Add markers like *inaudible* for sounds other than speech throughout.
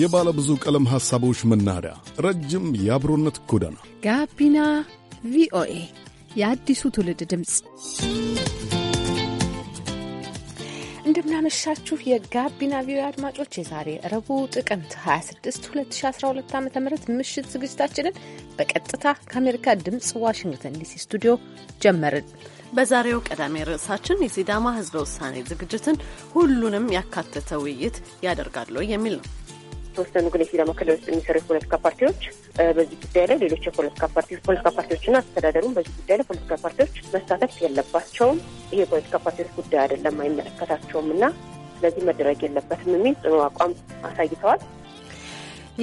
የባለ ብዙ ቀለም ሐሳቦች መናኸሪያ፣ ረጅም የአብሮነት ጎዳና ጋቢና ቪኦኤ የአዲሱ ትውልድ ድምፅ። እንደምናመሻችሁ የጋቢና ቪኦኤ አድማጮች፣ የዛሬ ረቡ ጥቅምት 26 2012 ዓ ም ምሽት ዝግጅታችንን በቀጥታ ከአሜሪካ ድምፅ ዋሽንግተን ዲሲ ስቱዲዮ ጀመርን። በዛሬው ቀዳሚ ርዕሳችን የሲዳማ ህዝበ ውሳኔ ዝግጅትን ሁሉንም ያካተተ ውይይት ያደርጋሉ የሚል ነው። የተወሰኑ ግን የሲዳማ ክልል ውስጥ የሚሰሩ የፖለቲካ ፓርቲዎች በዚህ ጉዳይ ላይ ሌሎች የፖለቲካ ፓርቲ ፖለቲካ ፓርቲዎችና አስተዳደሩም በዚህ ጉዳይ ላይ ፖለቲካ ፓርቲዎች መሳተፍ የለባቸውም፣ ይሄ የፖለቲካ ፓርቲዎች ጉዳይ አይደለም፣ አይመለከታቸውም እና ስለዚህ መደረግ የለበትም የሚል ጽኑ አቋም አሳይተዋል።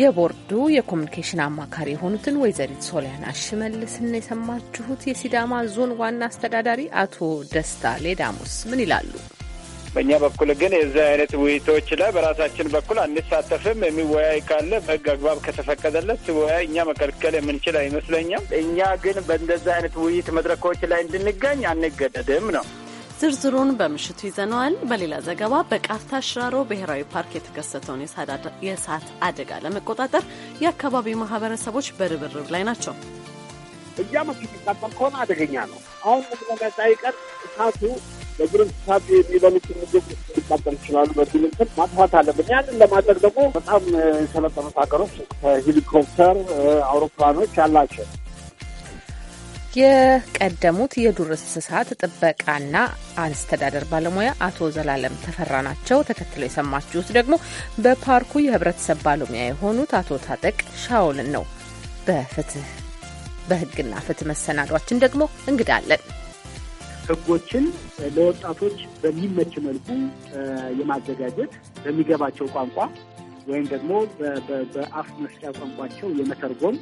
የቦርዱ የኮሚኒኬሽን አማካሪ የሆኑትን ወይዘሪት ሶሊያና ሽመልስን የሰማችሁት። የሲዳማ ዞን ዋና አስተዳዳሪ አቶ ደስታ ሌዳሞስ ምን ይላሉ? በእኛ በኩል ግን የዚህ አይነት ውይይቶች ላይ በራሳችን በኩል አንሳተፍም። የሚወያይ ካለ በህግ አግባብ ከተፈቀደለት ሲወያይ እኛ መከልከል የምንችል አይመስለኛም። እኛ ግን በእንደዚህ አይነት ውይይት መድረኮች ላይ እንድንገኝ አንገደድም ነው። ዝርዝሩን በምሽቱ ይዘነዋል። በሌላ ዘገባ በቃፍታ ሽራሮ ብሔራዊ ፓርክ የተከሰተውን የእሳት አደጋ ለመቆጣጠር የአካባቢው ማህበረሰቦች በርብርብ ላይ ናቸው። እያ መስት ከሆነ አደገኛ ነው። አሁን ምንመጣ ይቀር እሳቱ በዱር እንስሳት የሚበሉት ምግብ ሊቃጠል ይችላሉ። በዚህ ልምክል ማጥፋት አለብን። ያንን ለማድረግ ደግሞ በጣም የሰለጠኑ ሀገሮች ከሄሊኮፕተር አውሮፕላኖች አላቸው። የቀደሙት የዱር እንስሳት ጥበቃና አስተዳደር ባለሙያ አቶ ዘላለም ተፈራ ናቸው። ተከትለው የሰማችሁት ደግሞ በፓርኩ የህብረተሰብ ባለሙያ የሆኑት አቶ ታጠቅ ሻውልን ነው። በፍትህ በህግና ፍትህ መሰናዷችን ደግሞ እንግዳለን ህጎችን ለወጣቶች በሚመች መልኩ የማዘጋጀት በሚገባቸው ቋንቋ ወይም ደግሞ በአፍ መስጫ ቋንቋቸው የመተርጎም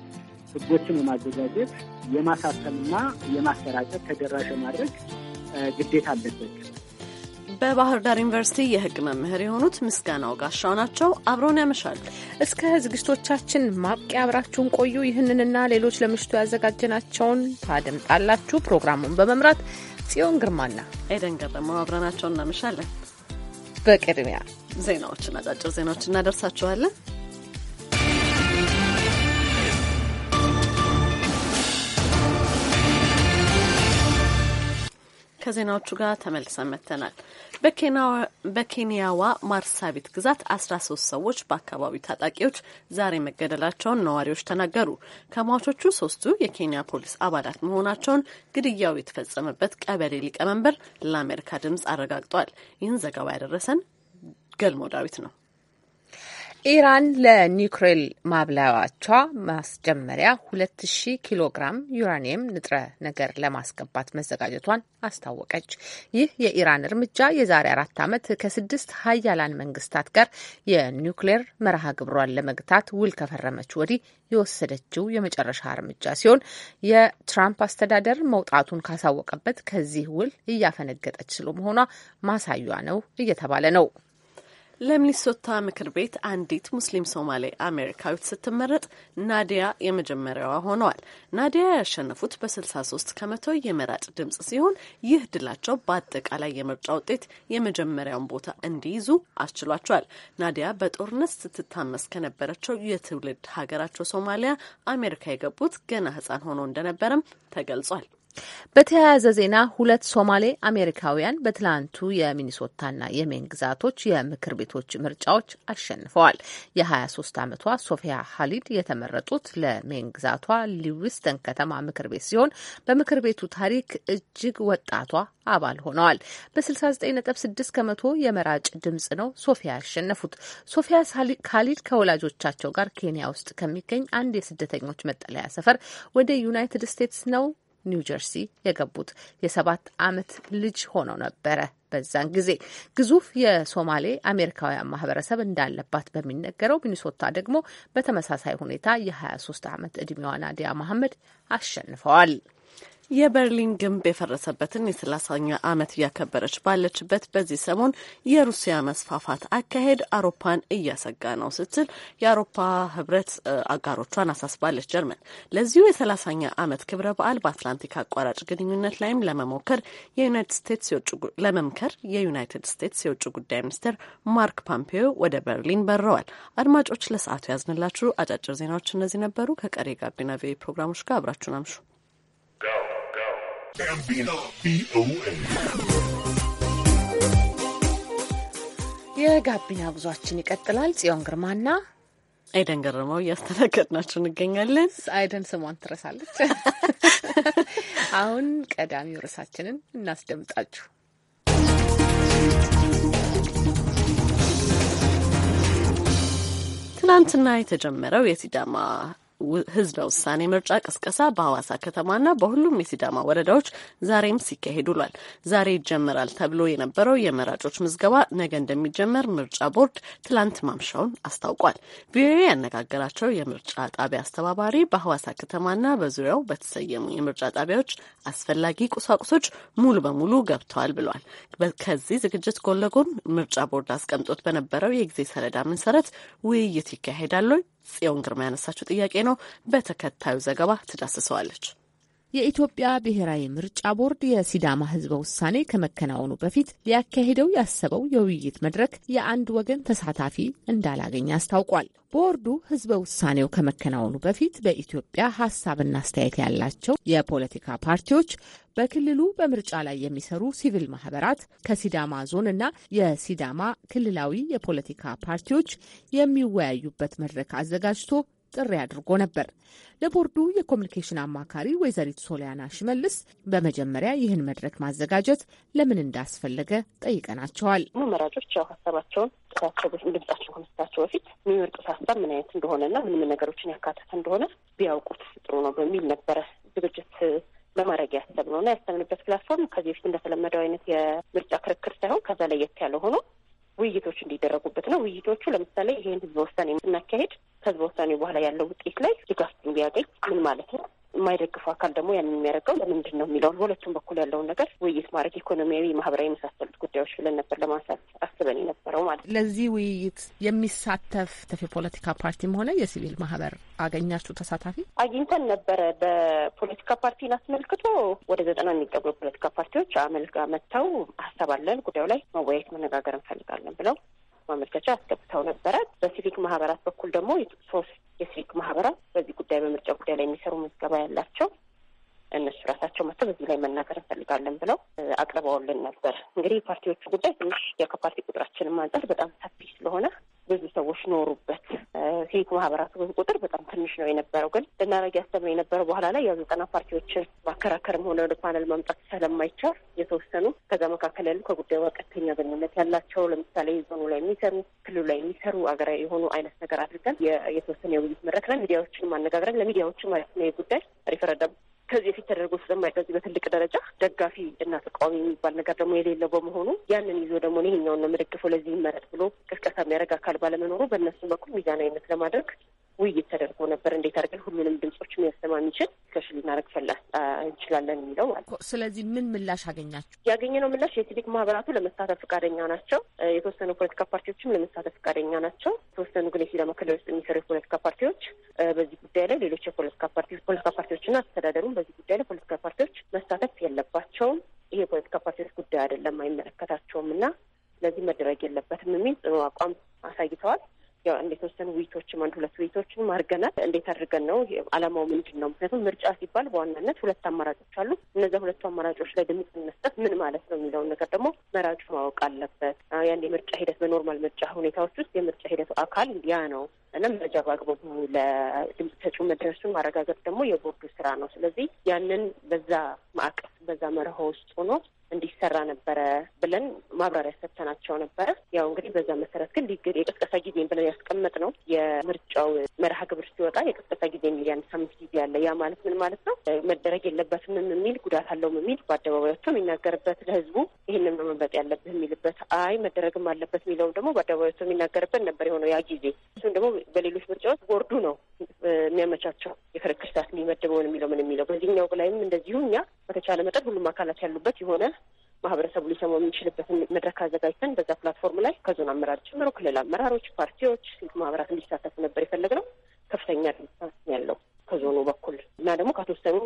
ህጎችን የማዘጋጀት የማሳተምና የማሰራጨት ተደራሽ ማድረግ ግዴታ አለበት። በባህር ዳር ዩኒቨርሲቲ የህግ መምህር የሆኑት ምስጋናው ጋሻው ናቸው። አብረውን ያመሻሉ። እስከ ዝግጅቶቻችን ማብቂያ አብራችሁን ቆዩ። ይህንንና ሌሎች ለምሽቱ ያዘጋጀናቸውን ታደምጣላችሁ። ፕሮግራሙን በመምራት ጽዮን ግርማና ኤደን ገረመው አብረናቸው እናመሻለን። በቅድሚያ ዜናዎችን አጫጭር ዜናዎች እናደርሳችኋለን። ከዜናዎቹ ጋር ተመልሰን መጥተናል። በኬንያዋ ማርሳቢት ግዛት አስራ ሶስት ሰዎች በአካባቢው ታጣቂዎች ዛሬ መገደላቸውን ነዋሪዎች ተናገሩ። ከሟቾቹ ሶስቱ የኬንያ ፖሊስ አባላት መሆናቸውን ግድያው የተፈጸመበት ቀበሌ ሊቀመንበር ለአሜሪካ ድምጽ አረጋግጧል። ይህን ዘገባ ያደረሰን ገልሞ ዳዊት ነው። ኢራን ለኒውክሌር ማብላያቿ ማስጀመሪያ ሁለት ሺህ ኪሎ ግራም ዩራኒየም ንጥረ ነገር ለማስገባት መዘጋጀቷን አስታወቀች። ይህ የኢራን እርምጃ የዛሬ አራት ዓመት ከስድስት ሀያላን መንግስታት ጋር የኒውክሌር መርሃ ግብሯን ለመግታት ውል ከፈረመች ወዲህ የወሰደችው የመጨረሻ እርምጃ ሲሆን የትራምፕ አስተዳደር መውጣቱን ካሳወቀበት ከዚህ ውል እያፈነገጠች ስለመሆኗ ማሳያ ነው እየተባለ ነው። ለሚኒሶታ ምክር ቤት አንዲት ሙስሊም ሶማሌ አሜሪካዊት ስትመረጥ ናዲያ የመጀመሪያዋ ሆነዋል። ናዲያ ያሸነፉት በ63 ከመቶ የመራጭ ድምጽ ሲሆን ይህ ድላቸው በአጠቃላይ የምርጫ ውጤት የመጀመሪያውን ቦታ እንዲይዙ አስችሏቸዋል። ናዲያ በጦርነት ስትታመስ ከነበረችው የትውልድ ሀገራቸው ሶማሊያ አሜሪካ የገቡት ገና ሕፃን ሆኖ እንደነበረም ተገልጿል። በተያያዘ ዜና ሁለት ሶማሌ አሜሪካውያን በትላንቱ የሚኒሶታና የሜን ግዛቶች የምክር ቤቶች ምርጫዎች አሸንፈዋል። የ23 ዓመቷ ሶፊያ ሀሊድ የተመረጡት ለሜን ግዛቷ ሊዊስተን ከተማ ምክር ቤት ሲሆን በምክር ቤቱ ታሪክ እጅግ ወጣቷ አባል ሆነዋል። በ69.6 ከመቶ የመራጭ ድምጽ ነው ሶፊያ ያሸነፉት። ሶፊያ ካሊድ ከወላጆቻቸው ጋር ኬንያ ውስጥ ከሚገኝ አንድ የስደተኞች መጠለያ ሰፈር ወደ ዩናይትድ ስቴትስ ነው ኒውጀርሲ የገቡት የሰባት ዓመት ልጅ ሆነው ነበረ። በዛን ጊዜ ግዙፍ የሶማሌ አሜሪካውያን ማህበረሰብ እንዳለባት በሚነገረው ሚኒሶታ ደግሞ በተመሳሳይ ሁኔታ የ23 ዓመት ዕድሜዋ ናዲያ መሐመድ አሸንፈዋል። የበርሊን ግንብ የፈረሰበትን የሰላሳኛ ዓመት እያከበረች ባለችበት በዚህ ሰሞን የሩሲያ መስፋፋት አካሄድ አውሮፓን እያሰጋ ነው ስትል የአውሮፓ ህብረት አጋሮቿን አሳስባለች። ጀርመን ለዚሁ የሰላሳኛ ዓመት ክብረ በዓል በአትላንቲክ አቋራጭ ግንኙነት ላይም ለመሞከር የዩናይትድ ስቴትስ ለመምከር የዩናይትድ ስቴትስ የውጭ ጉዳይ ሚኒስትር ማርክ ፖምፔዮ ወደ በርሊን በረዋል። አድማጮች ለሰዓቱ ያዝንላችሁ አጫጭር ዜናዎች እነዚህ ነበሩ። ከቀሪ ጋቢና ቪኦኤ ፕሮግራሞች ጋር አብራችሁን አምሹ። ጋቢና ቪኦኤ የጋቢና ጉዟችን ይቀጥላል። ጽዮን ግርማና አይደን ገረመው እያስተናገድናችሁ እንገኛለን። አይደን ስሟን ትረሳለች። *laughs* አሁን ቀዳሚው ርዕሳችንን እናስደምጣችሁ። ትናንትና የተጀመረው የሲዳማ ህዝበ ውሳኔ ምርጫ ቅስቀሳ በሐዋሳ ከተማና በሁሉም የሲዳማ ወረዳዎች ዛሬም ሲካሄድ ውሏል። ዛሬ ይጀመራል ተብሎ የነበረው የመራጮች ምዝገባ ነገ እንደሚጀመር ምርጫ ቦርድ ትላንት ማምሻውን አስታውቋል። ቪኦኤ ያነጋገራቸው የምርጫ ጣቢያ አስተባባሪ በሐዋሳ ከተማና በዙሪያው በተሰየሙ የምርጫ ጣቢያዎች አስፈላጊ ቁሳቁሶች ሙሉ በሙሉ ገብተዋል ብሏል። ከዚህ ዝግጅት ጎን ለጎን ምርጫ ቦርድ አስቀምጦት በነበረው የጊዜ ሰሌዳ መሰረት ውይይት ይካሄዳል። ጽዮን ግርማ ያነሳችው ጥያቄ ነው። በተከታዩ ዘገባ ትዳስሰዋለች። የኢትዮጵያ ብሔራዊ ምርጫ ቦርድ የሲዳማ ህዝበ ውሳኔ ከመከናወኑ በፊት ሊያካሂደው ያሰበው የውይይት መድረክ የአንድ ወገን ተሳታፊ እንዳላገኝ አስታውቋል። ቦርዱ ህዝበ ውሳኔው ከመከናወኑ በፊት በኢትዮጵያ ሀሳብና አስተያየት ያላቸው የፖለቲካ ፓርቲዎች፣ በክልሉ በምርጫ ላይ የሚሰሩ ሲቪል ማህበራት፣ ከሲዳማ ዞን እና የሲዳማ ክልላዊ የፖለቲካ ፓርቲዎች የሚወያዩበት መድረክ አዘጋጅቶ ጥሪ አድርጎ ነበር። ለቦርዱ የኮሚኒኬሽን አማካሪ ወይዘሪት ሶሊያና ሽመልስ በመጀመሪያ ይህን መድረክ ማዘጋጀት ለምን እንዳስፈለገ ጠይቀናቸዋል። መራጮች ያው ሀሳባቸውን ጥሳቸው ድምጻቸው ከመስታቸው በፊት የሚመርጡት ሀሳብ ምን አይነት እንደሆነና ምን ምን ነገሮችን ያካተተ እንደሆነ ቢያውቁት ጥሩ ነው በሚል ነበረ ዝግጅት ለማድረግ ያሰብነው እና ያሰብንበት ፕላትፎርም ከዚህ በፊት እንደተለመደው አይነት የምርጫ ክርክር ሳይሆን ከዛ ለየት ያለ ሆኖ ውይይቶች እንዲደረጉበት ነው። ውይይቶቹ ለምሳሌ ይህን ህዝበ ውሳኔ ስናካሄድ ከህዝበ ውሳኔ በኋላ ያለው ውጤት ላይ ድጋፍ ቢያገኝ ምን ማለት ነው የማይደግፉ አካል ደግሞ ያን የሚያደርገው ለምንድን ነው የሚለውን በሁለቱም በኩል ያለውን ነገር ውይይት ማድረግ ኢኮኖሚያዊ፣ ማህበራዊ የመሳሰሉት ጉዳዮች ብለን ነበር ለማንሳት አስበን የነበረው ማለት ነው። ለዚህ ውይይት የሚሳተፍ የፖለቲካ ፓርቲም ሆነ የሲቪል ማህበር አገኛችሁ ተሳታፊ? አግኝተን ነበረ። በፖለቲካ ፓርቲን አስመልክቶ ወደ ዘጠና የሚጠጉ የፖለቲካ ፓርቲዎች አመልጋ መጥተው ሀሳብ አለን ጉዳዩ ላይ መወያየት መነጋገር እንፈልጋለን ብለው ማመልከቻ አስገብተው ነበረ። በሲቪክ ማህበራት በኩል ደግሞ ሶስት ጉዳይ ላይ የሚሰሩ ምዝገባ ያላቸው እነሱ ራሳቸው መጥተው በዚህ ላይ መናገር እንፈልጋለን ብለው አቅርበውልን ነበር። እንግዲህ የፓርቲዎቹ ጉዳይ ትንሽ ከፓርቲ ቁጥራችንም አንጻር በጣም ሰፊ ስለሆነ ብዙ ሰዎች ኖሩበት የሲቪክ ማህበራት ቁጥር በጣም ትንሽ ነው የነበረው። ግን ልናረግ ያሰብነው የነበረው በኋላ ላይ ያው ዘጠና ፓርቲዎችን ማከራከርም ሆነ ወደ ፓነል መምጣት ስለማይቻል የተወሰኑ ከዛ መካከል ያሉ ከጉዳዩ ቀጥተኛ ግንኙነት ያላቸው ለምሳሌ ዞኑ ላይ የሚሰሩ ክልሉ ላይ የሚሰሩ አገራዊ የሆኑ አይነት ነገር አድርገን የተወሰነ የውይይት መድረክ ላይ ሚዲያዎችን ማነጋግረን ለሚዲያዎችን ማለት ነው የጉዳይ ሪፈረንደም ከዚህ በፊት ተደርጎ ስለማይቀር በትልቅ ደረጃ ደጋፊ እና ተቃዋሚ የሚባል ነገር ደግሞ የሌለው በመሆኑ ያንን ይዞ ደግሞ ይሄኛውን ነው የምደግፈው ለዚህ ይመረጥ ብሎ ቅስቀሳ የሚያደርግ አካል ባለመኖሩ በእነሱ በኩል ሚዛናዊነት ለማድረግ ውይይት ተደርጎ ነበር። እንዴት አድርገን ሁሉንም ሊያሰማ የሚችል ከሽ ልናደረግ ፈላ እንችላለን የሚለው ማለት ስለዚህ ምን ምላሽ አገኛችሁ? ያገኘነው ምላሽ የሲቪክ ማህበራቱ ለመሳተፍ ፈቃደኛ ናቸው። የተወሰኑ ፖለቲካ ፓርቲዎችም ለመሳተፍ ፈቃደኛ ናቸው። የተወሰኑ ግን የሲዳማ ክልል ውስጥ የሚሰሩ የፖለቲካ ፓርቲዎች በዚህ ጉዳይ ላይ ሌሎች የፖለቲካ ፓርቲ ፖለቲካ ፓርቲዎችና አስተዳደሩም በዚህ ጉዳይ ላይ ፖለቲካ ፓርቲዎች መሳተፍ የለባቸውም፣ ይህ የፖለቲካ ፓርቲዎች ጉዳይ አይደለም፣ አይመለከታቸውም እና ስለዚህ መደረግ የለበትም የሚል ጽኑ አቋም አሳይተዋል። እንዴት ወሰኑ ውይይቶችም አንድ ሁለት ውይይቶችም አድርገናል። እንዴት አድርገን ነው አላማው ምንድን ነው? ምክንያቱም ምርጫ ሲባል በዋናነት ሁለት አማራጮች አሉ። እነዚ ሁለቱ አማራጮች ላይ ድምጽ መስጠት ምን ማለት ነው የሚለውን ነገር ደግሞ መራጩ ማወቅ አለበት። ያን የምርጫ ሂደት በኖርማል ምርጫ ሁኔታዎች ውስጥ የምርጫ ሂደቱ አካል ያ ነው አይቻልም። መረጃ በአግባቡ ለድምፅ ሰጪው መድረሱን ማረጋገጥ ደግሞ የቦርዱ ስራ ነው። ስለዚህ ያንን በዛ ማዕቀፍ በዛ መርሆ ውስጥ ሆኖ እንዲሰራ ነበረ ብለን ማብራሪያ ሰጥተናቸው ነበረ። ያው እንግዲህ በዛ መሰረት ግን የቅስቀሳ ጊዜን ብለን ያስቀመጥ ነው የምርጫው መርሃ ግብር ሲወጣ የቅስቀሳ ጊዜ የሚል የአንድ ሳምንት ጊዜ አለ። ያ ማለት ምን ማለት ነው? መደረግ የለበትም የሚል ጉዳት አለውም የሚል በአደባባይ ወጥቶ የሚናገርበት ለህዝቡ ይህንን መመበጥ ያለብህ የሚልበት አይ መደረግም አለበት የሚለውም ደግሞ በአደባባይ ወጥቶ የሚናገርበት ነበር የሆነው ያ ጊዜ። እሱም ደግሞ በሌሎች ምርጫዎች ቦርዱ ነው የሚያመቻቸው የክርክር ሰዓት የሚመድበውን የሚለው ምን የሚለው በዚህኛው ላይም እንደዚሁ እኛ በተቻለ መጠን ሁሉም አካላት ያሉበት የሆነ ማህበረሰቡ ሊሰማው የሚችልበትን መድረክ አዘጋጅተን በዛ ፕላትፎርም ላይ ከዞን አመራር ጀምሮ ክልል አመራሮች፣ ፓርቲዎች፣ ማህበራት እንዲሳተፉ ነበር የፈለግነው። ከፍተኛ ያለው ከዞኑ በኩል እና ደግሞ ከተወሰኑ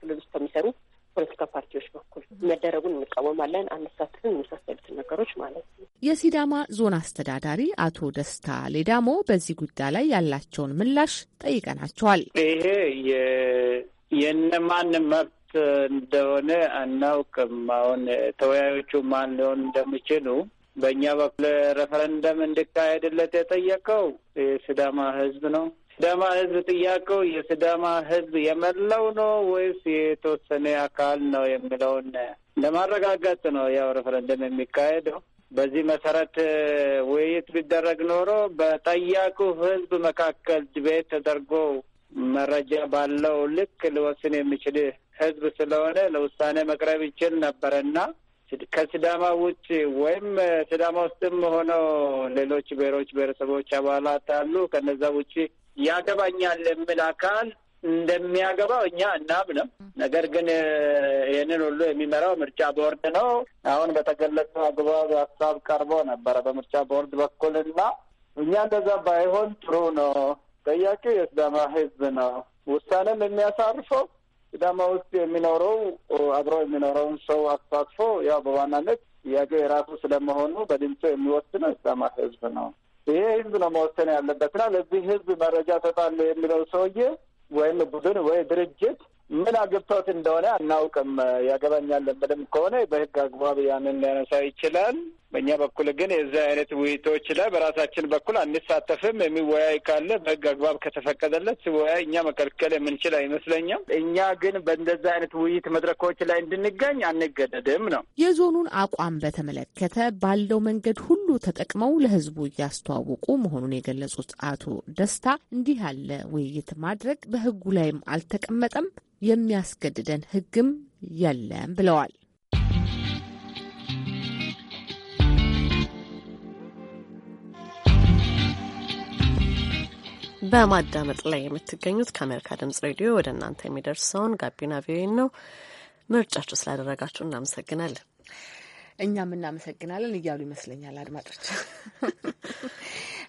ክልል ውስጥ ከሚሰሩ ፖለቲካ ፓርቲዎች በኩል መደረጉን እንቃወማለን፣ አነሳትፍን የመሳሰሉትን ነገሮች ማለት ነው። የሲዳማ ዞን አስተዳዳሪ አቶ ደስታ ሌዳሞ በዚህ ጉዳይ ላይ ያላቸውን ምላሽ ጠይቀናቸዋል። ይሄ የእነማን መብት እንደሆነ አናውቅም። አሁን ተወያዮቹ ማን ሊሆን እንደሚችሉ በእኛ በኩል ሬፈረንደም እንዲካሄድለት የጠየቀው የሲዳማ ህዝብ ነው። ሲዳማ ህዝብ ጥያቄው የስዳማ ህዝብ የመላው ነው ወይስ የተወሰነ አካል ነው የሚለውን ለማረጋገጥ ነው ያው ሬፈረንደም የሚካሄደው። በዚህ መሰረት ውይይት ቢደረግ ኖሮ በጠያቂው ህዝብ መካከል ድቤት ተደርጎ መረጃ ባለው ልክ ሊወስን የሚችል ህዝብ ስለሆነ ለውሳኔ መቅረብ ይችል ነበረና ከስዳማ ውጭ ወይም ስዳማ ውስጥም ሆነው ሌሎች ብሔሮች ብሔረሰቦች አባላት አሉ። ከነዛ ውጭ ያገባኛል የሚል አካል እንደሚያገባው እኛ እናምንም። ነገር ግን ይህንን ሁሉ የሚመራው ምርጫ ቦርድ ነው። አሁን በተገለጸ አግባብ ሀሳብ ቀርቦ ነበረ በምርጫ ቦርድ በኩልና እኛ እንደዛ ባይሆን ጥሩ ነው። ጠያቂው የስዳማ ህዝብ ነው። ውሳኔም የሚያሳርፈው ስዳማ ውስጥ የሚኖረው አብሮ የሚኖረውን ሰው አሳትፎ ያው በዋናነት ጥያቄው የራሱ ስለመሆኑ በድምፁ የሚወስነው የስዳማ ህዝብ ነው። ይሄ ህዝብ ነው መወሰን ያለበትና ለዚህ ህዝብ መረጃ እሰጣለሁ የሚለው ሰውዬ ወይም ቡድን ወይ ድርጅት ምን አግብቶት እንደሆነ አናውቅም። ያገባኛል ብልም ከሆነ በህግ አግባብ ያንን ሊያነሳ ይችላል። በእኛ በኩል ግን የዚህ አይነት ውይይቶች ላይ በራሳችን በኩል አንሳተፍም። የሚወያይ ካለ በህግ አግባብ ከተፈቀደለት ሲወያይ እኛ መከልከል የምንችል አይመስለኛም። እኛ ግን በእንደዚህ አይነት ውይይት መድረኮች ላይ እንድንገኝ አንገደድም ነው። የዞኑን አቋም በተመለከተ ባለው መንገድ ሁሉ ተጠቅመው ለህዝቡ እያስተዋወቁ መሆኑን የገለጹት አቶ ደስታ እንዲህ ያለ ውይይት ማድረግ በህጉ ላይም አልተቀመጠም፣ የሚያስገድደን ህግም የለም ብለዋል። በማዳመጥ ላይ የምትገኙት ከአሜሪካ ድምጽ ሬዲዮ ወደ እናንተ የሚደርሰውን ጋቢና ቪኦኤ ነው። ምርጫችሁ ስላደረጋችሁ እናመሰግናለን። እኛም እናመሰግናለን እያሉ ይመስለኛል አድማጮች።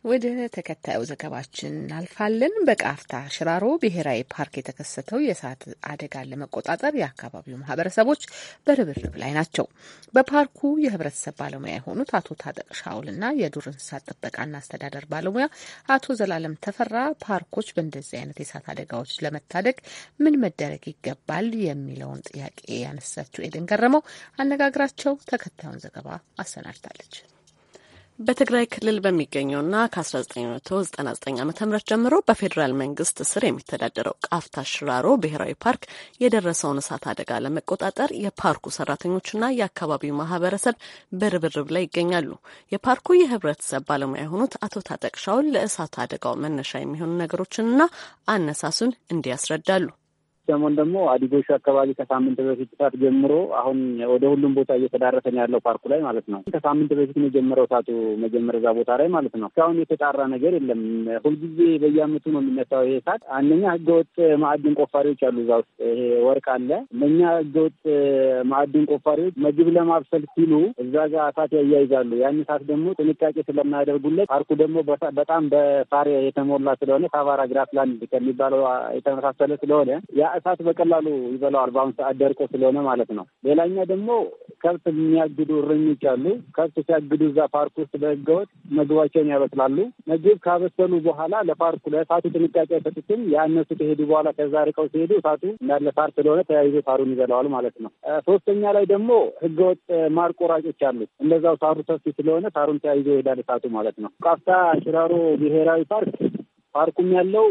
ወደ ተከታዩ ዘገባችን እናልፋለን። በቃፍታ ሽራሮ ብሔራዊ ፓርክ የተከሰተው የእሳት አደጋን ለመቆጣጠር የአካባቢው ማህበረሰቦች በርብርብ ላይ ናቸው። በፓርኩ የህብረተሰብ ባለሙያ የሆኑት አቶ ታጠቅ ሻውልና የዱር እንስሳት ጥበቃና አስተዳደር ባለሙያ አቶ ዘላለም ተፈራ ፓርኮች በእንደዚህ አይነት የእሳት አደጋዎች ለመታደግ ምን መደረግ ይገባል የሚለውን ጥያቄ ያነሳችው ኤደን ገረመው አነጋግራቸው ተከታዩን ዘገባ አሰናድታለች። በትግራይ ክልል በሚገኘውና ከ1999 ዓ ም ጀምሮ በፌዴራል መንግስት ስር የሚተዳደረው ቃፍታ ሽራሮ ብሔራዊ ፓርክ የደረሰውን እሳት አደጋ ለመቆጣጠር የፓርኩ ሰራተኞችና የአካባቢው ማህበረሰብ በርብርብ ላይ ይገኛሉ። የፓርኩ የህብረተሰብ ባለሙያ የሆኑት አቶ ታጠቅሻውን ለእሳት አደጋው መነሻ የሚሆኑ ነገሮችንና አነሳሱን እንዲያስረዳሉ። ሰሞን ደግሞ አዲጎሹ አካባቢ ከሳምንት በፊት እሳት ጀምሮ አሁን ወደ ሁሉም ቦታ እየተዳረሰ ነው ያለው ፓርኩ ላይ ማለት ነው። ከሳምንት በፊት ነው የጀመረው እሳቱ መጀመር እዛ ቦታ ላይ ማለት ነው። እስካሁን የተጣራ ነገር የለም። ሁልጊዜ በየአመቱ ነው የሚነሳው ይሄ እሳት። አንደኛ ህገወጥ ማዕድን ቆፋሪዎች አሉ እዛ ውስጥ ይሄ ወርቅ አለ። እነኛ ህገወጥ ማዕድን ቆፋሪዎች ምግብ ለማብሰል ሲሉ እዛ ጋር እሳት ያያይዛሉ። ያን እሳት ደግሞ ጥንቃቄ ስለማያደርጉለት ፓርኩ ደግሞ በጣም በሳር የተሞላ ስለሆነ ሳቫራ ግራስላንድ ከሚባለው የተመሳሰለ ስለሆነ እሳት በቀላሉ ይበላዋል። በአሁኑ ሰዓት ደርቆ ስለሆነ ማለት ነው። ሌላኛ ደግሞ ከብት የሚያግዱ እረኞች አሉ። ከብት ሲያግዱ እዛ ፓርክ ውስጥ በህገወጥ ምግባቸውን ያበስላሉ። ምግብ ካበሰሉ በኋላ ለፓርኩ ለእሳቱ ጥንቃቄ አይሰጡትም። ያነሱ ከሄዱ በኋላ ከዛ ርቀው ሲሄዱ እሳቱ እንዳለ ሳር ስለሆነ ተያይዞ ሳሩን ይበላዋል ማለት ነው። ሶስተኛ ላይ ደግሞ ህገወጥ ማር ቆራጮች አሉ። እንደዛው ሳሩ ሰፊ ስለሆነ ሳሩን ተያይዞ ይሄዳል እሳቱ ማለት ነው። ቃፍታ ሽራሮ ብሔራዊ ፓርክ ፓርኩም ያለው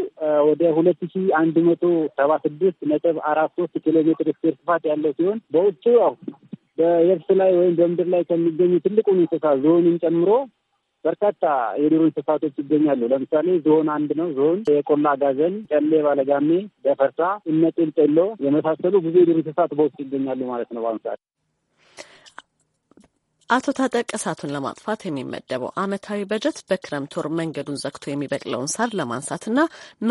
ወደ ሁለት ሺ አንድ መቶ ሰባ ስድስት ነጥብ አራት ሶስት ኪሎ ሜትር ስኩዌር ስፋት ያለው ሲሆን በውጭ ያው በየብስ ላይ ወይም በምድር ላይ ከሚገኙ ትልቁን እንስሳ ዞንን ጨምሮ በርካታ የዱር እንስሳቶች ይገኛሉ። ለምሳሌ ዞን አንድ ነው። ዞን የቆላ አጋዘን፣ ጨሌ ባለጋሜ፣ ደፈርሳ፣ እነጤል ጤልጤሎ የመሳሰሉ ብዙ የዱር እንስሳት በውስጥ ይገኛሉ ማለት ነው በአሁኑ ሰዓት። አቶ ታጠቅ እሳቱን ለማጥፋት የሚመደበው ዓመታዊ በጀት በክረምት ወር መንገዱን ዘግቶ የሚበቅለውን ሳር ለማንሳትና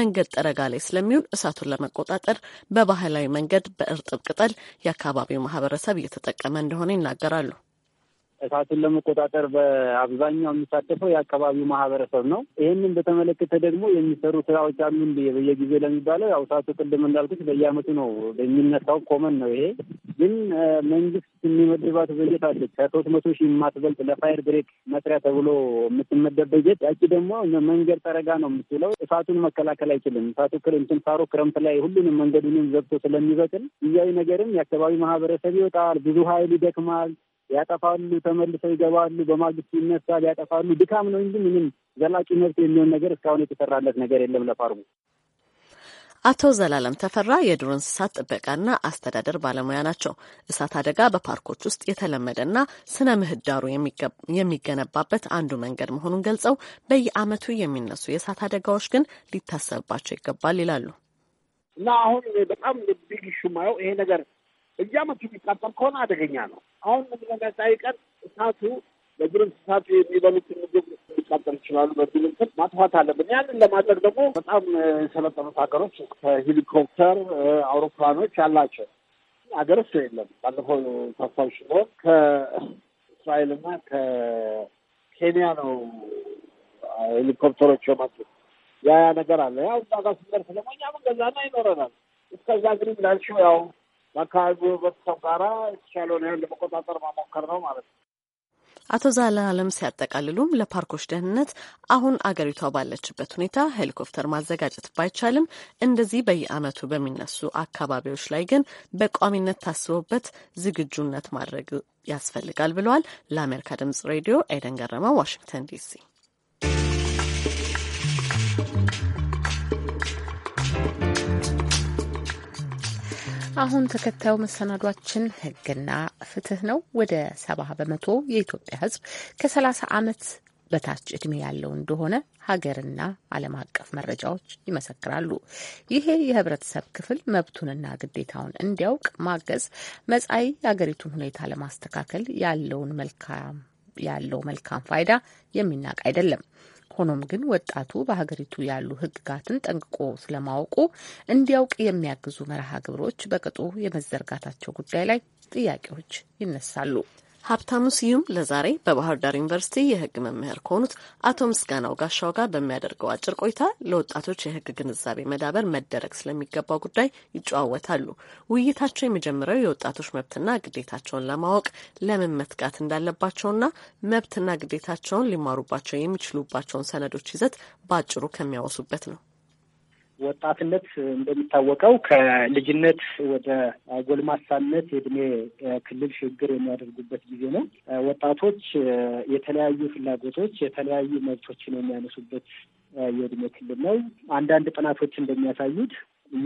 መንገድ ጠረጋ ላይ ስለሚውል እሳቱን ለመቆጣጠር በባህላዊ መንገድ በእርጥብ ቅጠል የአካባቢው ማህበረሰብ እየተጠቀመ እንደሆነ ይናገራሉ። እሳቱን ለመቆጣጠር በአብዛኛው የሚሳተፈው የአካባቢው ማህበረሰብ ነው። ይህንን በተመለከተ ደግሞ የሚሰሩ ስራዎች አሉ እንዲ በየጊዜ ለሚባለው ያው እሳቱ ቅድም እንዳልኩት በየአመቱ ነው የሚነሳው፣ ኮመን ነው ይሄ። ግን መንግስት የሚመድባት በጀት አለች ከሶስት መቶ ሺህ የማትበልጥ ለፋየር ብሬክ መስሪያ ተብሎ የምትመደብ በጀት። ያቺ ደግሞ መንገድ ጠረጋ ነው የምትውለው። እሳቱን መከላከል አይችልም። እሳቱ እንትን ሳሮ ክረምት ላይ ሁሉንም መንገዱንም ዘግቶ ስለሚበቅል እያዊ ነገርም የአካባቢ ማህበረሰብ ይወጣል። ብዙ ሀይል ይደክማል። ያጠፋሉ፣ ተመልሰው ይገባሉ፣ በማግስቱ ይነሳል፣ ያጠፋሉ። ድካም ነው እንጂ ምንም ዘላቂ መብት የሚሆን ነገር እስካሁን የተሰራለት ነገር የለም ለፋርሙ። አቶ ዘላለም ተፈራ የዱር እንስሳት ጥበቃና አስተዳደር ባለሙያ ናቸው። እሳት አደጋ በፓርኮች ውስጥ የተለመደና ስነ ምህዳሩ የሚገነባበት አንዱ መንገድ መሆኑን ገልጸው በየዓመቱ የሚነሱ የእሳት አደጋዎች ግን ሊታሰብባቸው ይገባል ይላሉ። እና አሁን በጣም ቢግ ሹ ማየው ይሄ ነገር በየዓመቱ የሚቃጠል ከሆነ አደገኛ ነው። አሁን ምንመጋጫ ቀን እሳቱ በዱር እንስሳት የሚበሉት ምግብ ሊቃጠል ይችላሉ በሚል እንትን ማጥፋት አለብን። ያንን ለማድረግ ደግሞ በጣም የሰለጠኑት ሀገሮች ከሄሊኮፕተር አውሮፕላኖች ያላቸው ሀገር እሱ የለም። ባለፈው ታስታውሽ ሲሆን ከእስራኤልና ከኬንያ ነው ሄሊኮፕተሮች የመጡት። ያ ያ ነገር አለ። ያው እዛ ጋር ስንደርስ ደግሞ እኛ ምን ገዛና ይኖረናል። እስከዛ ግን ላልሽው ያው በአካባቢው ህብረተሰብ ጋራ የተሻለውን ያህል ለመቆጣጠር መሞከር ነው ማለት ነው። አቶ ዘላለም ሲያጠቃልሉም ለፓርኮች ደህንነት አሁን አገሪቷ ባለችበት ሁኔታ ሄሊኮፕተር ማዘጋጀት ባይቻልም እንደዚህ በየዓመቱ በሚነሱ አካባቢዎች ላይ ግን በቋሚነት ታስቦበት ዝግጁነት ማድረግ ያስፈልጋል ብለዋል። ለአሜሪካ ድምጽ ሬዲዮ ኤደን ገረመው ዋሽንግተን ዲሲ አሁን ተከታዩ መሰናዷችን ህግና ፍትህ ነው። ወደ ሰባ በመቶ የኢትዮጵያ ሕዝብ ከሰላሳ አመት በታች እድሜ ያለው እንደሆነ ሀገርና ዓለም አቀፍ መረጃዎች ይመሰክራሉ። ይሄ የህብረተሰብ ክፍል መብቱንና ግዴታውን እንዲያውቅ ማገዝ መጻኢ የሀገሪቱን ሁኔታ ለማስተካከል ያለውን መልካም ያለው መልካም ፋይዳ የሚናቅ አይደለም። ሆኖም ግን ወጣቱ በሀገሪቱ ያሉ ህግጋትን ጠንቅቆ ስለማወቁ እንዲያውቅ የሚያግዙ መርሃ ግብሮች በቅጡ የመዘርጋታቸው ጉዳይ ላይ ጥያቄዎች ይነሳሉ። ሀብታሙ ስዩም ለዛሬ በባህር ዳር ዩኒቨርሲቲ የህግ መምህር ከሆኑት አቶ ምስጋናው ጋሻው ጋር በሚያደርገው አጭር ቆይታ ለወጣቶች የህግ ግንዛቤ መዳበር መደረግ ስለሚገባው ጉዳይ ይጨዋወታሉ። ውይይታቸው የሚጀምረው የወጣቶች መብትና ግዴታቸውን ለማወቅ ለምን መትጋት እንዳለባቸውና መብትና ግዴታቸውን ሊማሩባቸው የሚችሉባቸውን ሰነዶች ይዘት በአጭሩ ከሚያወሱበት ነው። ወጣትነት እንደሚታወቀው ከልጅነት ወደ ጎልማሳነት የእድሜ ክልል ሽግግር የሚያደርጉበት ጊዜ ነው። ወጣቶች የተለያዩ ፍላጎቶች፣ የተለያዩ መብቶችን የሚያነሱበት የእድሜ ክልል ነው። አንዳንድ ጥናቶች እንደሚያሳዩት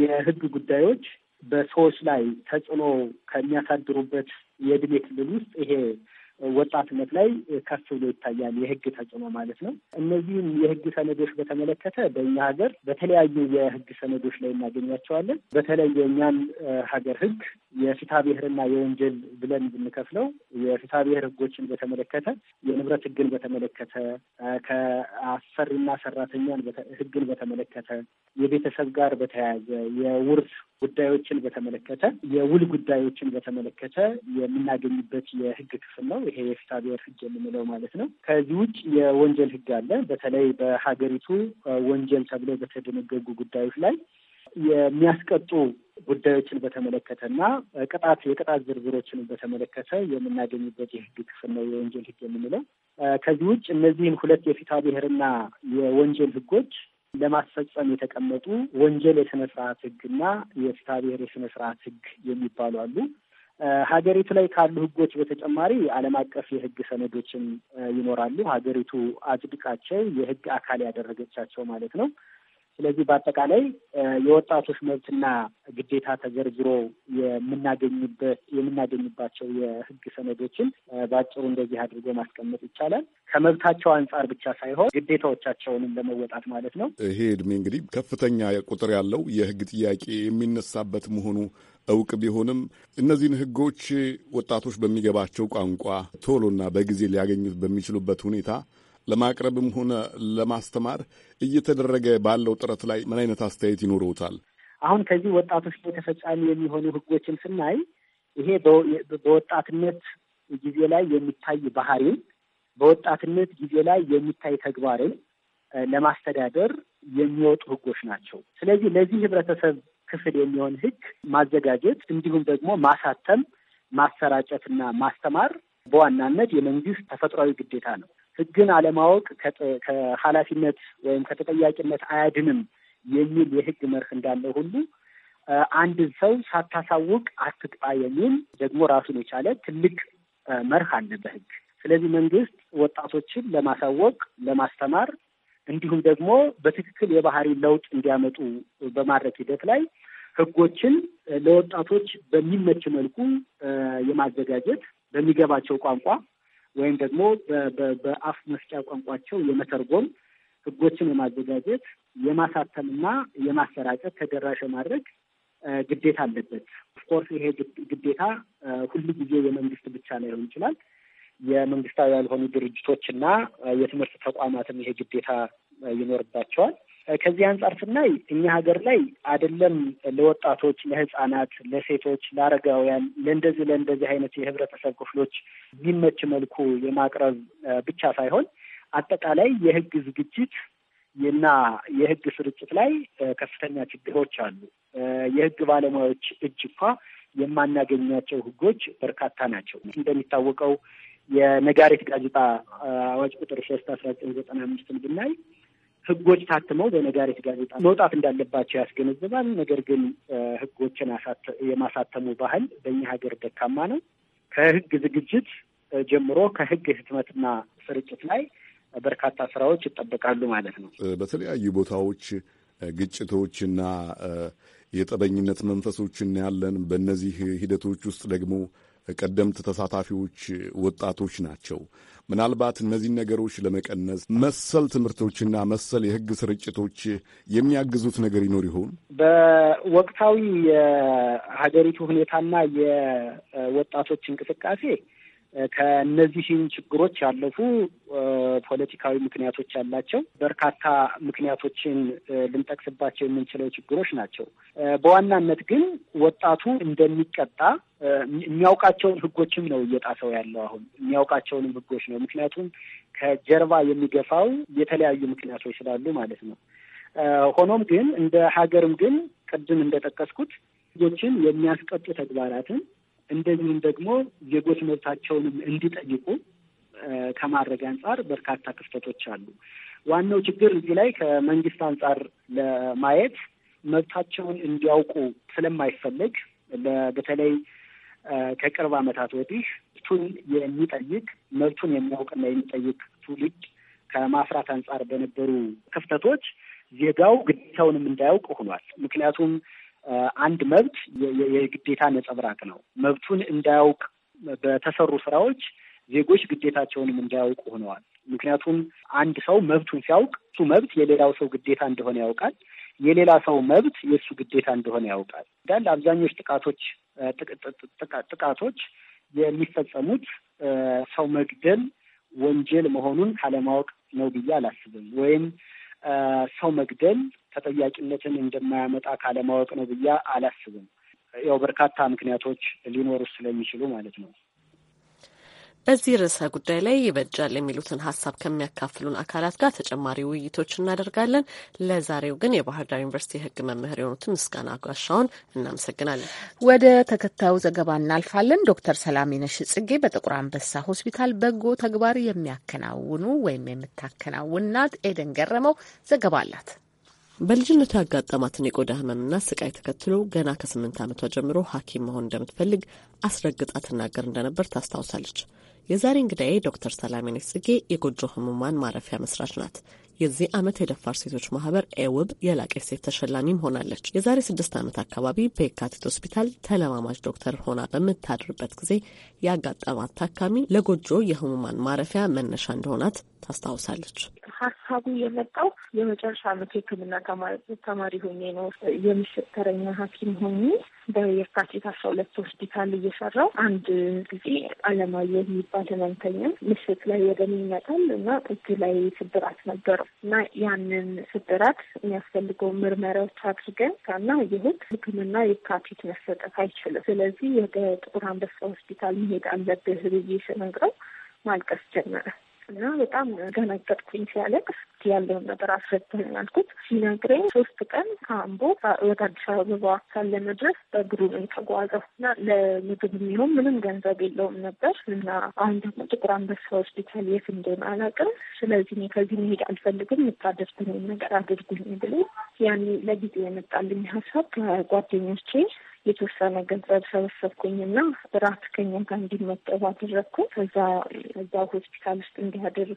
የህግ ጉዳዮች በሰዎች ላይ ተጽዕኖ ከሚያሳድሩበት የእድሜ ክልል ውስጥ ይሄ ወጣትነት ላይ ከፍ ብሎ ይታያል። የህግ ተጽዕኖ ማለት ነው። እነዚህም የህግ ሰነዶች በተመለከተ በእኛ ሀገር በተለያዩ የህግ ሰነዶች ላይ እናገኛቸዋለን። በተለይ የእኛን ሀገር ህግ የፍትሐ ብሔርና የወንጀል ብለን ብንከፍለው የፍትሐ ብሔር ህጎችን በተመለከተ የንብረት ህግን በተመለከተ ከአሰሪና ሰራተኛን ህግን በተመለከተ የቤተሰብ ጋር በተያያዘ የውርስ ጉዳዮችን በተመለከተ የውል ጉዳዮችን በተመለከተ የምናገኝበት የህግ ክፍል ነው። ይሄ የፍትሐብሔር ህግ የምንለው ማለት ነው። ከዚህ ውጭ የወንጀል ህግ አለ። በተለይ በሀገሪቱ ወንጀል ተብለው በተደነገጉ ጉዳዮች ላይ የሚያስቀጡ ጉዳዮችን በተመለከተና ቅጣት የቅጣት ዝርዝሮችን በተመለከተ የምናገኝበት የህግ ክፍል ነው የወንጀል ህግ የምንለው። ከዚህ ውጭ እነዚህን ሁለት የፍትሐብሔርና የወንጀል ህጎች ለማስፈጸም የተቀመጡ ወንጀል የስነ ስርዓት ና የፍትሐብሔር የስነ ስርዓት ህግ የሚባሉ አሉ። ሀገሪቱ ላይ ካሉ ህጎች በተጨማሪ ዓለም አቀፍ የህግ ሰነዶችም ይኖራሉ። ሀገሪቱ አጽድቃቸው የህግ አካል ያደረገቻቸው ማለት ነው። ስለዚህ በአጠቃላይ የወጣቶች መብትና ግዴታ ተዘርዝሮ የምናገኝበት የምናገኝባቸው የህግ ሰነዶችን በአጭሩ እንደዚህ አድርጎ ማስቀመጥ ይቻላል። ከመብታቸው አንጻር ብቻ ሳይሆን ግዴታዎቻቸውንም ለመወጣት ማለት ነው። ይሄ እድሜ እንግዲህ ከፍተኛ ቁጥር ያለው የህግ ጥያቄ የሚነሳበት መሆኑ እውቅ ቢሆንም እነዚህን ህጎች ወጣቶች በሚገባቸው ቋንቋ ቶሎና በጊዜ ሊያገኙት በሚችሉበት ሁኔታ ለማቅረብም ሆነ ለማስተማር እየተደረገ ባለው ጥረት ላይ ምን አይነት አስተያየት ይኖረውታል? አሁን ከዚህ ወጣቶች ላይ ተፈጻሚ የሚሆኑ ህጎችን ስናይ ይሄ በወጣትነት ጊዜ ላይ የሚታይ ባህሪን በወጣትነት ጊዜ ላይ የሚታይ ተግባርን ለማስተዳደር የሚወጡ ህጎች ናቸው። ስለዚህ ለዚህ ህብረተሰብ ክፍል የሚሆን ህግ ማዘጋጀት እንዲሁም ደግሞ ማሳተም፣ ማሰራጨትና ማስተማር በዋናነት የመንግስት ተፈጥሯዊ ግዴታ ነው። ህግን አለማወቅ ከኃላፊነት ወይም ከተጠያቂነት አያድንም የሚል የህግ መርህ እንዳለ ሁሉ አንድ ሰው ሳታሳውቅ አትቅጣ የሚል ደግሞ ራሱን የቻለ ትልቅ መርህ አለ በህግ። ስለዚህ መንግስት ወጣቶችን ለማሳወቅ ለማስተማር እንዲሁም ደግሞ በትክክል የባህሪ ለውጥ እንዲያመጡ በማድረግ ሂደት ላይ ህጎችን ለወጣቶች በሚመች መልኩ የማዘጋጀት በሚገባቸው ቋንቋ ወይም ደግሞ በአፍ መፍጫ ቋንቋቸው የመተርጎም ህጎችን የማዘጋጀት የማሳተምና የማሰራጨት ተደራሽ ማድረግ ግዴታ አለበት። ኦፍኮርስ ይሄ ግዴታ ሁሉ ጊዜ የመንግስት ብቻ ላይሆን ይችላል። የመንግስታዊ ያልሆኑ እና የትምህርት ተቋማትም ይሄ ግዴታ ይኖርባቸዋል። ከዚህ አንጻር ስናይ እኛ ሀገር ላይ አይደለም ለወጣቶች፣ ለህጻናት፣ ለሴቶች፣ ለአረጋውያን ለእንደዚህ ለእንደዚህ አይነት የህብረተሰብ ክፍሎች የሚመች መልኩ የማቅረብ ብቻ ሳይሆን አጠቃላይ የህግ ዝግጅት እና የህግ ስርጭት ላይ ከፍተኛ ችግሮች አሉ። የህግ ባለሙያዎች እጅ እንኳ የማናገኛቸው ህጎች በርካታ ናቸው። እንደሚታወቀው የነጋሪት ጋዜጣ አዋጅ ቁጥር ሶስት አስራ ዘጠኝ ዘጠና አምስትን ብናይ ህጎች ታትመው በነጋሪት ጋዜጣ መውጣት እንዳለባቸው ያስገነዝባል። ነገር ግን ህጎችን የማሳተሙ ባህል በእኛ ሀገር ደካማ ነው። ከህግ ዝግጅት ጀምሮ ከህግ ህትመትና ስርጭት ላይ በርካታ ስራዎች ይጠበቃሉ ማለት ነው። በተለያዩ ቦታዎች ግጭቶችና የጠበኝነት መንፈሶች እናያለን። በእነዚህ ሂደቶች ውስጥ ደግሞ ቀደምት ተሳታፊዎች ወጣቶች ናቸው። ምናልባት እነዚህን ነገሮች ለመቀነስ መሰል ትምህርቶችና መሰል የሕግ ስርጭቶች የሚያግዙት ነገር ይኖር ይሆን? በወቅታዊ የሀገሪቱ ሁኔታና የወጣቶች እንቅስቃሴ ከእነዚህም ችግሮች ያለፉ ፖለቲካዊ ምክንያቶች ያላቸው በርካታ ምክንያቶችን ልንጠቅስባቸው የምንችለው ችግሮች ናቸው። በዋናነት ግን ወጣቱ እንደሚቀጣ የሚያውቃቸውን ህጎችም ነው እየጣሰው ያለው አሁን የሚያውቃቸውንም ህጎች ነው። ምክንያቱም ከጀርባ የሚገፋው የተለያዩ ምክንያቶች ስላሉ ማለት ነው። ሆኖም ግን እንደ ሀገርም ግን ቅድም እንደጠቀስኩት ህጎችን የሚያስቀጡ ተግባራትን እንደዚሁም ደግሞ ዜጎች መብታቸውንም እንዲጠይቁ ከማድረግ አንጻር በርካታ ክፍተቶች አሉ። ዋናው ችግር እዚህ ላይ ከመንግስት አንጻር ለማየት መብታቸውን እንዲያውቁ ስለማይፈለግ በተለይ ከቅርብ ዓመታት ወዲህ መብቱን የሚጠይቅ መብቱን የሚያውቅና የሚጠይቅ ትውልድ ከማፍራት አንጻር በነበሩ ክፍተቶች ዜጋው ግዴታውንም እንዳያውቅ ሆኗል። ምክንያቱም አንድ መብት የግዴታ ነጸብራቅ ነው። መብቱን እንዳያውቅ በተሰሩ ስራዎች ዜጎች ግዴታቸውንም እንዳያውቁ ሆነዋል። ምክንያቱም አንድ ሰው መብቱን ሲያውቅ እሱ መብት የሌላው ሰው ግዴታ እንደሆነ ያውቃል። የሌላ ሰው መብት የእሱ ግዴታ እንደሆነ ያውቃል። እንዳንድ አብዛኞች ጥቃቶች ጥቃቶች የሚፈጸሙት ሰው መግደል ወንጀል መሆኑን ካለማወቅ ነው ብዬ አላስብም። ወይም ሰው መግደል ተጠያቂነትን እንደማያመጣ ካለማወቅ ነው ብዬ አላስብም። ያው በርካታ ምክንያቶች ሊኖሩ ስለሚችሉ ማለት ነው። በዚህ ርዕሰ ጉዳይ ላይ ይበጃል የሚሉትን ሀሳብ ከሚያካፍሉን አካላት ጋር ተጨማሪ ውይይቶች እናደርጋለን። ለዛሬው ግን የባህር ዳር ዩኒቨርሲቲ የሕግ መምህር የሆኑትን ምስጋና ጓሻውን እናመሰግናለን። ወደ ተከታዩ ዘገባ እናልፋለን። ዶክተር ሰላሜነሽ ጽጌ በጥቁር አንበሳ ሆስፒታል በጎ ተግባር የሚያከናውኑ ወይም የምታከናውን ናት። ኤደን ገረመው ዘገባ አላት። በልጅነቱ ያጋጠማትን የቆዳ ህመምና ስቃይ ተከትሎ ገና ከስምንት ዓመቷ ጀምሮ ሐኪም መሆን እንደምትፈልግ አስረግጣ ትናገር እንደነበር ታስታውሳለች። የዛሬ እንግዳዬ ዶክተር ሰላሜነሽ ጽጌ የጎጆ ህሙማን ማረፊያ መስራች ናት። የዚህ ዓመት የደፋር ሴቶች ማህበር ኤውብ የላቀ ሴት ተሸላሚም ሆናለች። የዛሬ ስድስት ዓመት አካባቢ በየካቲት ሆስፒታል ተለማማጅ ዶክተር ሆና በምታድርበት ጊዜ ያጋጠማት ታካሚ ለጎጆ የህሙማን ማረፊያ መነሻ እንደሆናት ታስታውሳለች። ሀሳቡ የመጣው የመጨረሻ ዓመት የህክምና ተማሪ ሆኜ ነው። የምሽት ተረኛ ሐኪም ሆኜ በየካቲት አስራ ሁለት ሆስፒታል እየሰራው አንድ ጊዜ አለማየሁ የሚባል ህመምተኛ ምሽት ላይ ወደ እኔ ይመጣል እና እጅ ላይ ስብራት ነበረው እና ያንን ስብራት የሚያስፈልገው ምርመራዎች አድርገን ከና ይሁት ህክምና የካቲት መሰጠት አይችልም። ስለዚህ ወደ ጥቁር አንበሳ ሆስፒታል መሄድ አለብህ ብዬ ስነግረው ማልቀስ ጀመረ። እና በጣም ገነገጥኩኝ። ሲያለቅስ ያለውን ነገር አስረዳኝ አልኩት። ሲነግረኝ ሶስት ቀን ከአምቦ ወደ አዲስ አበባ ሳለ ለመድረስ በእግሩ ነው የተጓዘው እና ለምግብ የሚሆን ምንም ገንዘብ የለውም ነበር እና አሁን ደግሞ ጥቁር አንበሳ ሆስፒታል የት እንደሆነ አላውቅም። ስለዚህ እኔ ከዚህ መሄድ አልፈልግም፣ የምታደርጉኝ ነገር አድርጉኝ ብሎ ያኔ ለጊዜ የመጣልኝ ሀሳብ ከጓደኞቼ የተወሰነ ገንዘብ ሰበሰብኩኝና ራት ከኛ ጋር እንዲመጠብ አደረግኩ። ከዛ እዛ ሆስፒታል ውስጥ እንዲያድር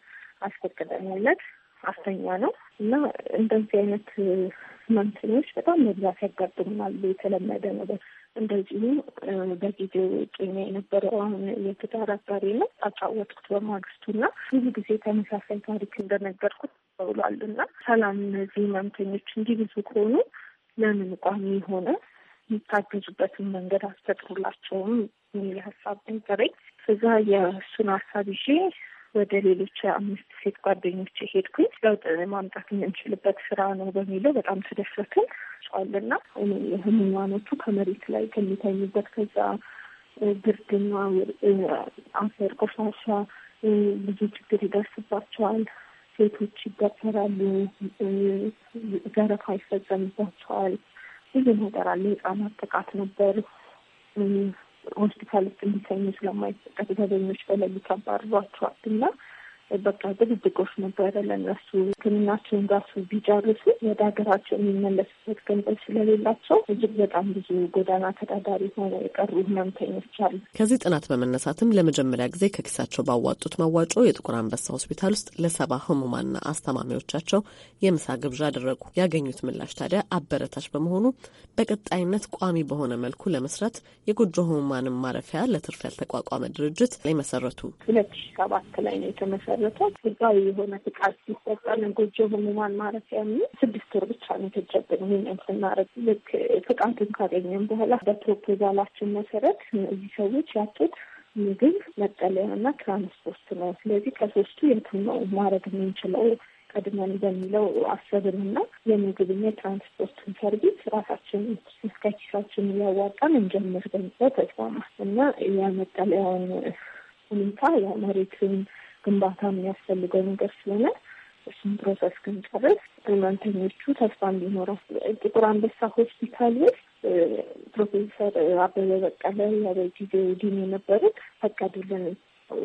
አስፈቅደንለት አስተኛ ነው እና እንደዚህ አይነት ህመምተኞች በጣም መብዛት ያጋጥሙናል። የተለመደ ነገር እንደዚሁ በጊዜው ቄኛ የነበረው አሁን የትዳር አጋሪ ነው አጫወትኩት በማግስቱ እና ብዙ ጊዜ ተመሳሳይ ታሪክ እንደነገርኩት ተውሏል እና ሰላም እነዚህ ህመምተኞች እንዲህ ብዙ ከሆኑ ለምን ቋሚ የሆነ የምታግዙበትን መንገድ አልፈጥሩላቸውም የሚል ሀሳብ ነበረኝ። ከዛ የእሱን ሀሳብ ይዤ ወደ ሌሎች አምስት ሴት ጓደኞች ሄድኩኝ። ለውጥ ማምጣት የምንችልበት ስራ ነው በሚለው በጣም ተደሰትን። ጨዋልና የህሙማኖቹ ከመሬት ላይ ከሚተኙበት ከዛ ብርድና አፈር ቆሻሻ ብዙ ችግር ይደርስባቸዋል። ሴቶች ይገፈራሉ፣ ዘረፋ ይፈጸምባቸዋል። ብዙ ነገር አለ። የህጻናት ጥቃት ነበር። ሆስፒታል ውስጥ እንዲተኙ ስለማይፈቀድ ዘበኞች በሌሊት አባርሯቸዋል እና በቃ ድብድቆች ነበረ ለእነሱ ሕክምናቸውን ራሱ ቢጨርሱ ወደ ሀገራቸው የሚመለስበት ገንዘብ ስለሌላቸው እጅግ በጣም ብዙ ጎዳና ተዳዳሪ ሆነ የቀሩ ህመምተኞች አሉ። ከዚህ ጥናት በመነሳትም ለመጀመሪያ ጊዜ ከኪሳቸው ባዋጡት መዋጮ የጥቁር አንበሳ ሆስፒታል ውስጥ ለሰባ ህሙማንና አስተማሚዎቻቸው የምሳ ግብዣ አደረጉ። ያገኙት ምላሽ ታዲያ አበረታች በመሆኑ በቀጣይነት ቋሚ በሆነ መልኩ ለመስራት የጎጆ ህሙማንም ማረፊያ ለትርፍ ያልተቋቋመ ድርጅት ላይ መሰረቱ። ሁለት ሺ ሰባት ላይ ነው የተመሰረ ህብረቶች ህጋዊ የሆነ ፍቃድ ሲሰጠን ጎጆ ህሙማን ማረፊያ የሚል ስድስት ወር ብቻ ነው የተጀብን ይህንን ስናረግ። ልክ ፍቃዱን ካገኘን በኋላ በፕሮፖዛላችን መሰረት እነዚህ ሰዎች ያጡት ምግብ፣ መጠለያ መጠለያና ትራንስፖርት ነው። ስለዚህ ከሶስቱ የቱን ነው ማድረግ የምንችለው ቀድመን በሚለው አሰብን አሰብንና የምግብና የትራንስፖርትን ሰርቪስ ራሳችን እስከ ኪሳችን እያዋጣን እንጀምር በሚለው ተስማማ እና የመጠለያውን ሁኔታ የመሬትን ግንባታ የሚያስፈልገው ነገር ስለሆነ እሱም ፕሮሰስ ግንጨርስ ህመምተኞቹ ተስፋ እንዲኖራቸው ጥቁር አንበሳ ሆስፒታል ውስጥ ፕሮፌሰር አበበ በቀለ ያበ ጊዜ ዲን የነበሩት ፈቀዱልን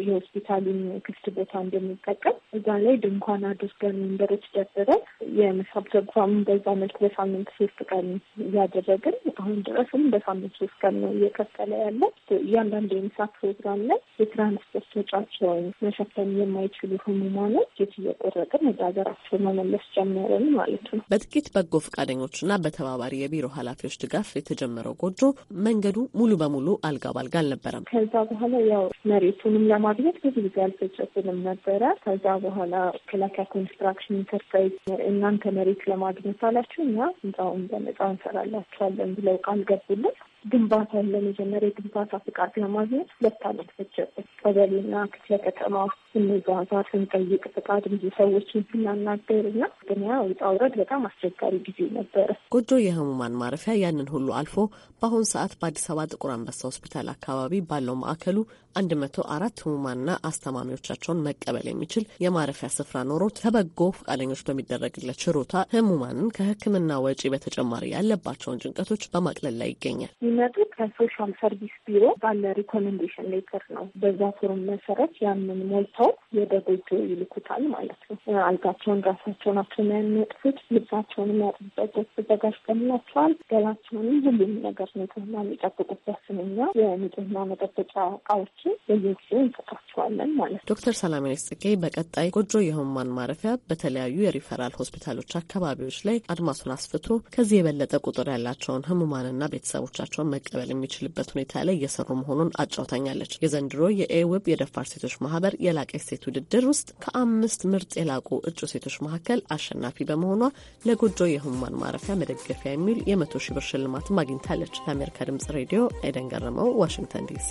የሆስፒታሉን ክፍት ቦታ እንደሚጠቀም እዛ ላይ ድንኳን አድርገን ወንበሮች ደርድረን የምሳ ፕሮግራሙን በዛ መልክ በሳምንት ሶስት ቀን እያደረግን አሁን ድረስም በሳምንት ሶስት ቀን ነው እየቀጠለ ያለ። እያንዳንዱ የምሳ ፕሮግራም ላይ የትራንስፖርት ወጪያቸውን መሸፈን የማይችሉ ህሙማኖች ጌት እየቆረጥን ወደ ሀገራቸው መመለስ ጀመረን ማለት ነው። በጥቂት በጎ ፈቃደኞችና በተባባሪ የቢሮ ኃላፊዎች ድጋፍ የተጀመረው ጎጆ መንገዱ ሙሉ በሙሉ አልጋ ባልጋ አልነበረም። ከዛ በኋላ ያው መሬቱንም ለማግኘት ብዙ ጊዜ አልፈጀብንም ነበረ። ከዛ በኋላ ከላካ ኮንስትራክሽን ኢንተርፕራይዝ እናንተ መሬት ለማግኘት አላችሁ እኛ ህንፃውን በነፃ እንሰራላችኋለን ብለው ቃል ገቡልን። ግንባታ ለመጀመሪያ የግንባታ ፍቃድ ለማግኘት ሁለት ዓመት ፈጀብን። ቀበሌና ክፍለ ከተማ ስንጓዛ ስንጠይቅ ፍቃድ ብዙ ሰዎችን ስናናገር እና ግና ውጣ ውረድ በጣም አስቸጋሪ ጊዜ ነበረ። ጎጆ የህሙማን ማረፊያ ያንን ሁሉ አልፎ በአሁኑ ሰዓት በአዲስ አበባ ጥቁር አንበሳ ሆስፒታል አካባቢ ባለው ማዕከሉ አንድ መቶ አራት ህሙማንና አስተማሚዎቻቸውን መቀበል የሚችል የማረፊያ ስፍራ ኖሮ ከበጎ ፈቃደኞች በሚደረግለት ችሮታ ህሙማንን ከህክምና ወጪ በተጨማሪ ያለባቸውን ጭንቀቶች በማቅለል ላይ ይገኛል። የሚመጡ ከሶሻል ሰርቪስ ቢሮ ባለ ሪኮሜንዴሽን ሌተር ነው። በዛ ፎርም መሰረት ያንን ሞልተው ወደ ጎጆ ይልኩታል ማለት ነው። አልጋቸውን ራሳቸው ናቸው የሚያነጥፉት። ልብሳቸውን የሚያጥቡበት ተዘጋጅተንላቸዋል። ገላቸውንም ሁሉም ነገር ንጽህና የሚጠብቁበት ስምኛ የንጽህና መጠበቂያ እቃዎችን በየጊዜው እንሰጣቸዋለን ማለት ነው። ዶክተር ሰላሜ ጽጌ በቀጣይ ጎጆ የህሙማን ማረፊያ በተለያዩ የሪፈራል ሆስፒታሎች አካባቢዎች ላይ አድማሱን አስፍቶ ከዚህ የበለጠ ቁጥር ያላቸውን ህሙማንና ቤተሰቦቻቸውን ሀሳቡን መቀበል የሚችልበት ሁኔታ ላይ እየሰሩ መሆኑን አጫውታኛለች። የዘንድሮ የኤውብ የደፋር ሴቶች ማህበር የላቀች ሴት ውድድር ውስጥ ከአምስት ምርጥ የላቁ እጩ ሴቶች መካከል አሸናፊ በመሆኗ ለጎጆ የህሙማን ማረፊያ መደገፊያ የሚል የመቶ ሺ ብር ሽልማትም አግኝታለች። ለአሜሪካ ድምጽ ሬዲዮ ኤደን ገረመው፣ ዋሽንግተን ዲሲ።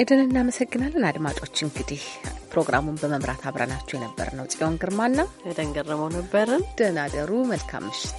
ኤደን እናመሰግናለን። አድማጮች እንግዲህ ፕሮግራሙን በመምራት አብረናችሁ የነበር ነው ጽዮን ግርማና ኤደን ገረመው ነበርን። ደህና ደሩ። መልካም ምሽት።